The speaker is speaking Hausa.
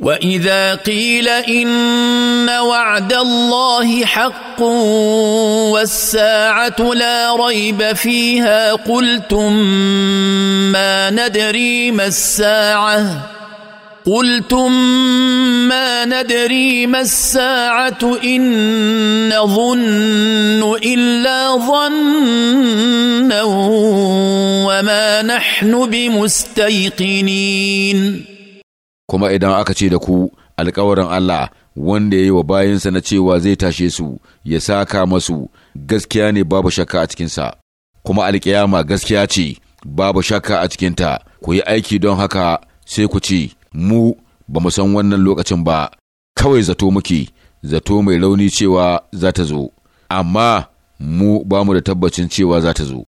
واذا قيل ان وعد الله حق والساعه لا ريب فيها قلتم ما ندري ما الساعه قلتم ما ندري ما الساعه ان نظن الا ظنا وما نحن بمستيقنين kuma idan aka ce da ku alkawarin Allah wanda ya yi wa bayansa na cewa zai tashe su ya saka masu gaskiya ne babu shakka a cikinsa, kuma alkiyama gaskiya ce babu shakka a cikinta, ku yi aiki don haka sai ku ce, mu ba mu san wannan lokacin ba, kawai zato muke, zato mai rauni cewa za ta zo, amma mu ba mu da tabbacin cewa za ta zo.